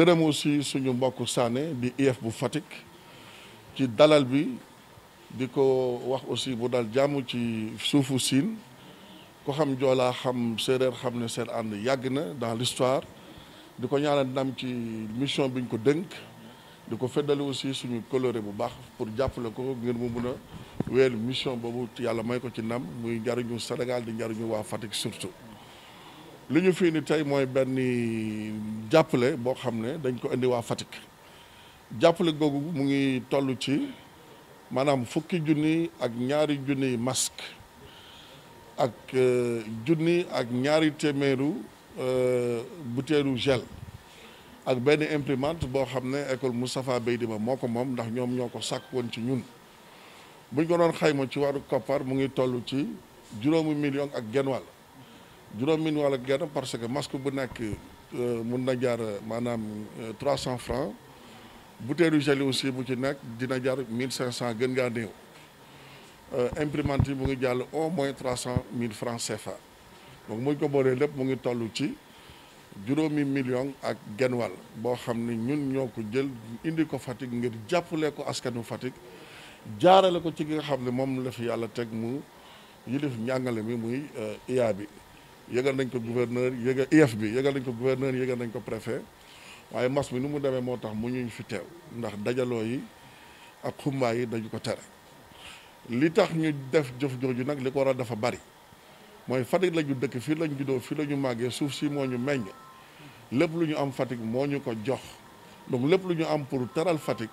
gërëm aussi suñu mbokk Sané di IF bu Fatick ci dalal bi di ko wax aussi bu dal jàmm ci suufu siin ko xam joolaa xam séeréer xam ne seen ànd yàgg na dans l'histoire di ko ñaanal ndam ci mission bi ñu ko dënk di ko feddali aussi suñu coloré bu baax pour jàppale ko ngir mu mun a weel mission boobu yàlla may ko ci ndam muy njariñu Sénégal di njariñu waa Fatick surtout li ñu fii ni tey mooy benn jàppale boo xam ne dañ ko indiwaa waa jàppale googu mu ngi toll ci maanaam fukki junni ak ñaari junni masque ak euh, junni ak ñaari téeméeru euh, butéelu gel ak benn imprimante boo xam ne école Moustapha Baydima moo ko moom ndax ñoom ñoo ko sàkk woon ci ñun buñ ko doon xayma ci waru koppar mu ngi toll ci juróomi million ak genn wàll juróomi wala genn parce que masque bu nekk euh, mun na jaar euh, maanaam 300 euh, francs bouteille gel aussi bu ci nekk dina jaar 1500 gën ngaa néew imprimante yi mu jàll au moins 300 000 francs CFA donc muñ ko boolee lépp mu ngi toll ci juróomi million ak genn wàll boo xam ne ñun ñoo ko jël indi ko Fatick ngir jàppale ko askanu Fatick jaarale ko ci ki nga xam ne moom la fi yàlla teg mu yilif njàngale mi muy IA bi yëgal nañ ko gouverneur yëgal IF bi yëgal nañ ko gouverneur yëgal nañ ko préfet waaye mas mi nu mu demee moo tax mu ñu fi teew ndax dajaloo yi ak xumbaay yi dañu ko tere li tax ñu def jëf jooju nag li ko waral dafa bari mooy Fatick la ñu dëkk fii la ñu juddoo fii lañu ñu màggee suuf si moo ñu meññ lépp lu ñu am Fatick moo ñu ko jox donc lépp lu ñu am pour teral Fatick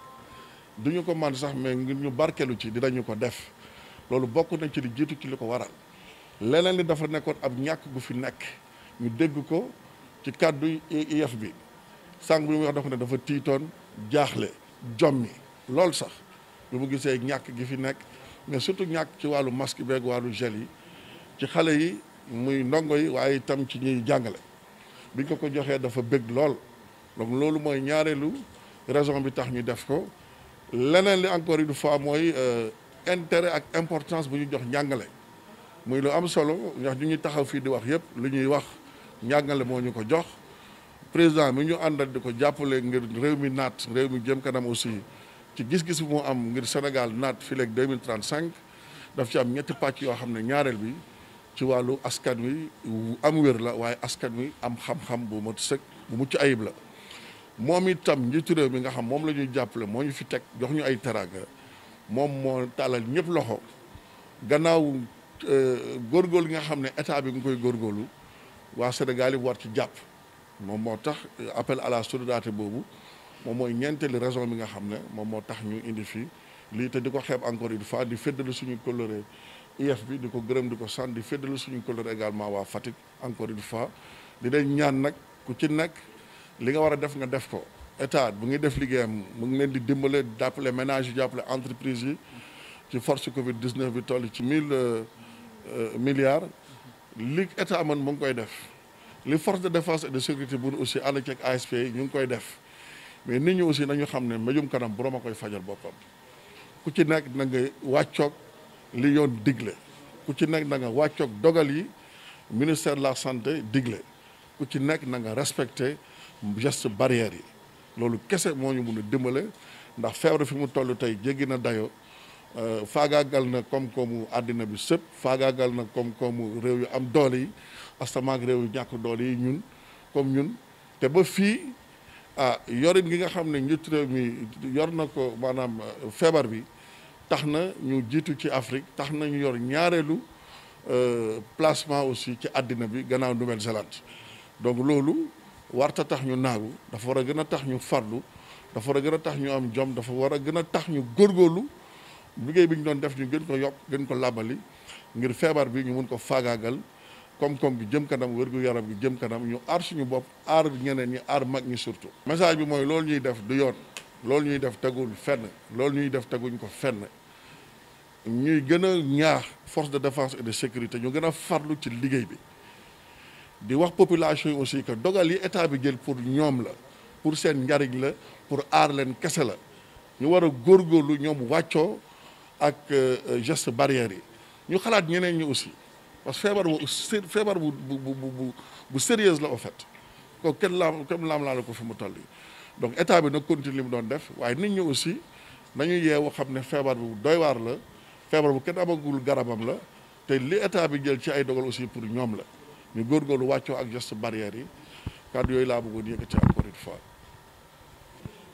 du ñu ko man sax mais ngir ñu barkelu ci dinañu ko def loolu bokk nañ ci li jiitu ci li ko waral leneen li dafa nekkoon ab ñàkk gu fi nekk ñu dégg ko ci kàddu IEF bi sàng bi mu wax dafa ne dafa tiitoon jaaxle jommi loolu sax bi mu gisee ñàkk gi fi nekk mais surtout ñàkk ci wàllu masque beeg wàllu gel yi ci xale yi muy ndongo yi waaye itam ci ñuy jàngale bi ñu ko ko joxee dafa bëgg lool donc loolu mooy ñaareelu raison bi tax ñu def ko leneen li encore une fois mooy euh, intérêt ak importance bu ñu jox njàngale muy lu am solo ndax ñu ñuy taxaw fii di wax yëpp lu ñuy wax ñàngale moo ñu ko jox président mi ñu àndal di ko jàppale ngir réew mi naat réew mi jëm kanam aussi ci gis-gis bu mu am ngir Sénégal naat fii léegi 2035 daf ci am ñetti pàcc yoo xam ne ñaareel bi ci wàllu askan wi am wér la waaye askan wi am xam-xam bu mat sëkk bu mucc ayib la moom itam njiitu réew mi nga xam moom la ñuy jàppale moo ñu fi teg jox ñu ay teraanga moom moo tàllal ñëpp loxo gannaaw Euh, góorgóorlu nga xam ne état bi nga koy góorgóorlu waa Sénégal yi war ci jàpp moom moo tax euh, appel à la solidarité boobu moom mooy ñeenteelu raison bi nga xam ne moom moo tax ñu indi fii lii te di ko xeeb encore une fois di féddali suñu coloré IF bi di ko gërëm di ko sant di féddali suñu coloré également waa Fatick encore une fois di leen ñaan nag ku ci nekk li nga war a def nga def ko état bu ngi def liggéeyam mu ngi leen di dimbale jàppale ménage yi jàppale entreprise yi ci force Covid 19 bi toll ci mille. Euh, Euh, milliards li état man mu ngi koy def li force de défense et de sécurité bu aussi ànd ceeg ASP yi ñu ngi koy def mais nit ñi aussi nañu xam ne mbéjum kanam borom a koy fajal boppam ku ci nekk na nga wàccoog li yoon digle ku ci nekk na nga wàccoog dogal yi ministère de la santé digle ku ci nekk na nga respecté geste barrière yi loolu kese moo ñu mun a dimbale ndax feebar fi mu toll tey jéggi na dayo Euh, faagaagal na koom-koomu àddina bi sëpp faagaagal na koom-koomu réew yu am doole yi astamaak réew yu ñàkk doole yi ñun comme ñun te ba fii ah yorin gi nga xam ne njiitu réew mi yor na ko maanaam euh, feebar bi tax na ñu jiitu ci Afrique tax na ñu yor ñaareelu euh, placement aussi ci àddina bi gannaaw Nouvelle-Zélande donc loolu warta tax ñu naagu dafa war a gën a tax ñu farlu dafa war a gën a tax ñu am jom dafa war a gën a tax ñu góorgóorlu liggéey bi ñu doon def ñu gën ko yokk gën ko làbbali ngir feebar bi ñu mun ko faagaagal koom-koom gi jëm kanam wérgu yaram gi jëm kanam ñu aar suñu bopp aar ñeneen ñi aar mag ñi surtout. message bi mooy loolu ñuy def du yoon loolu ñuy def tegul fenn loolu ñuy def teguñ ko fenn ñuy gën a ñaax force de défense et de sécurité ñu gën a farlu ci liggéey bi di wax population yi aussi que dogal yi état bi jël pour ñoom la pour seen njariñ la pour aar leen kese la ñu war a góorgóorlu ñoom wàccoo. ak euh, euh, geste barrière yi ñu xalaat ñeneen ñi aussi parce que feebar bu feebar bu bu bu sérieuse la au fait ko kenn laam kenn laam laa ko fi mu toll yi donc état bi nag continue li mu doon def waaye nit ñi aussi nañu yeewu xam ne feebar bu doy waar la feebar bu kenn abagul garabam la te li état bi jël ci ay dogal aussi pour ñoom la ñu góor góor lu wàccoo ak geste barrière yi kàddu yooyu laa bëggoon yëkkati encore une fois.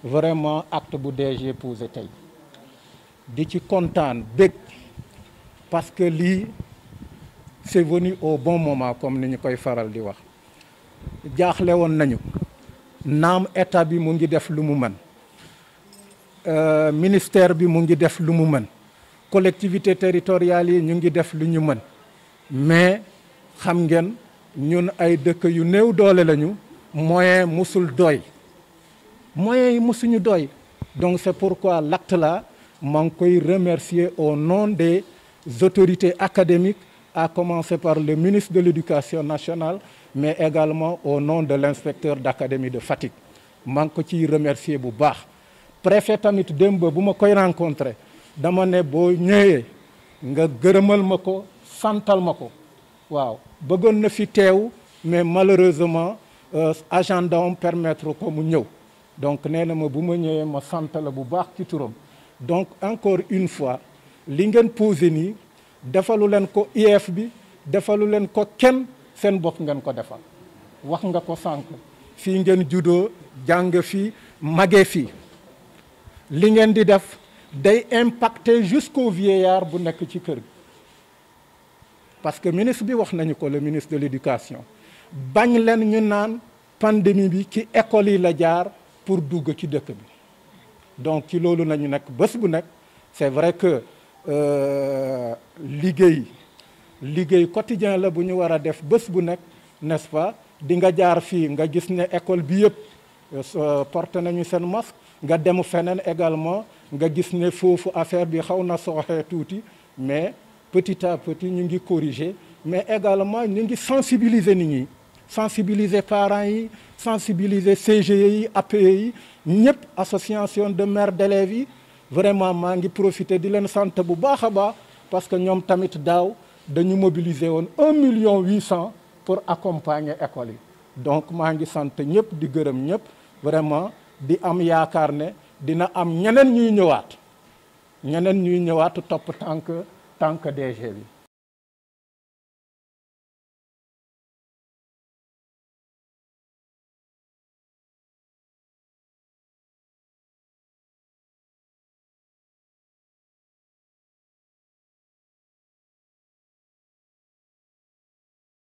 vraiment acte bu DG posé tey. di ci kontaan bég parce que lii c'est venu au bon moment comme ni ñu koy faral di wax jaaxle woon nañu naam état bi mu ngi def lu mu mën euh, ministère bi mu ngi def lu mu mën collectivité territoriale yi ñu ngi def lu ñu mën mais xam ngeen ñun ay dëkk yu néew doole lañu moyen mosul doy moyen yi musuñu doy donc c'est pourquoi l'acte là maa ngi koy remercier au nom des autorités académiques à commencer par le ministre de l'éducation nationale mais également au nom de l'inspecteur d'académie de Fatick maa ngi ko ciy remercier bu baax préfet tamit démb bu ma koy rencontrer dama ne boo ñëwee nga gërëmal ma ko santal ma ko waaw bëggoon na fi teew mais malheureusement euh, agenda am permettre ko mu ñëw donc nee na ma bu ma ñëwee ma santale bu baax ci turam donc encore une fois li ngeen posé nii defalu leen ko IEF bi defalu leen ko kenn seen bokk ngeen ko defal wax nga ko sànq fii ngeen juddoo jàng fii mage fii li ngeen di def day impacter jusqu'au vieillard bu nekk ci kër gi parce que ministre bi wax nañu ko le ministre de l'éducation bañ leen ñu naan pandémie bi ci école yi la jaar pour dugg ci dëkk bi donc ci loolu nañu nekk bés bu nekk c'est vrai que euh, liggéey liggéey quotidien la bu ñu war a def bés bu nekk nest pas di nga jaar fii nga gis ne école bi yëpp euh, porté nañu seen masque nga dem feneen également nga gis ne foofu affaire bi xaw na sooxee tuuti mais petit à petit ñu ngi corriger mais également ñu ngi sensibiliser nit ñi sensibiliser parent yi sensibiliser CGE yi APE yi ñëpp association de mère d'élèves yi vraiment maa ngi profité di leen sant bu baax a baax parce que ñoom tamit daaw dañu mobiliser woon un million huit cent pour accompagner école yi donc maa ngi sant ñëpp di gërëm ñëpp vraiment di am yaakaar ne dina am ñeneen ñuy ñëwaat ñeneen ñuy ñëwaat topp tànk tànk DG bi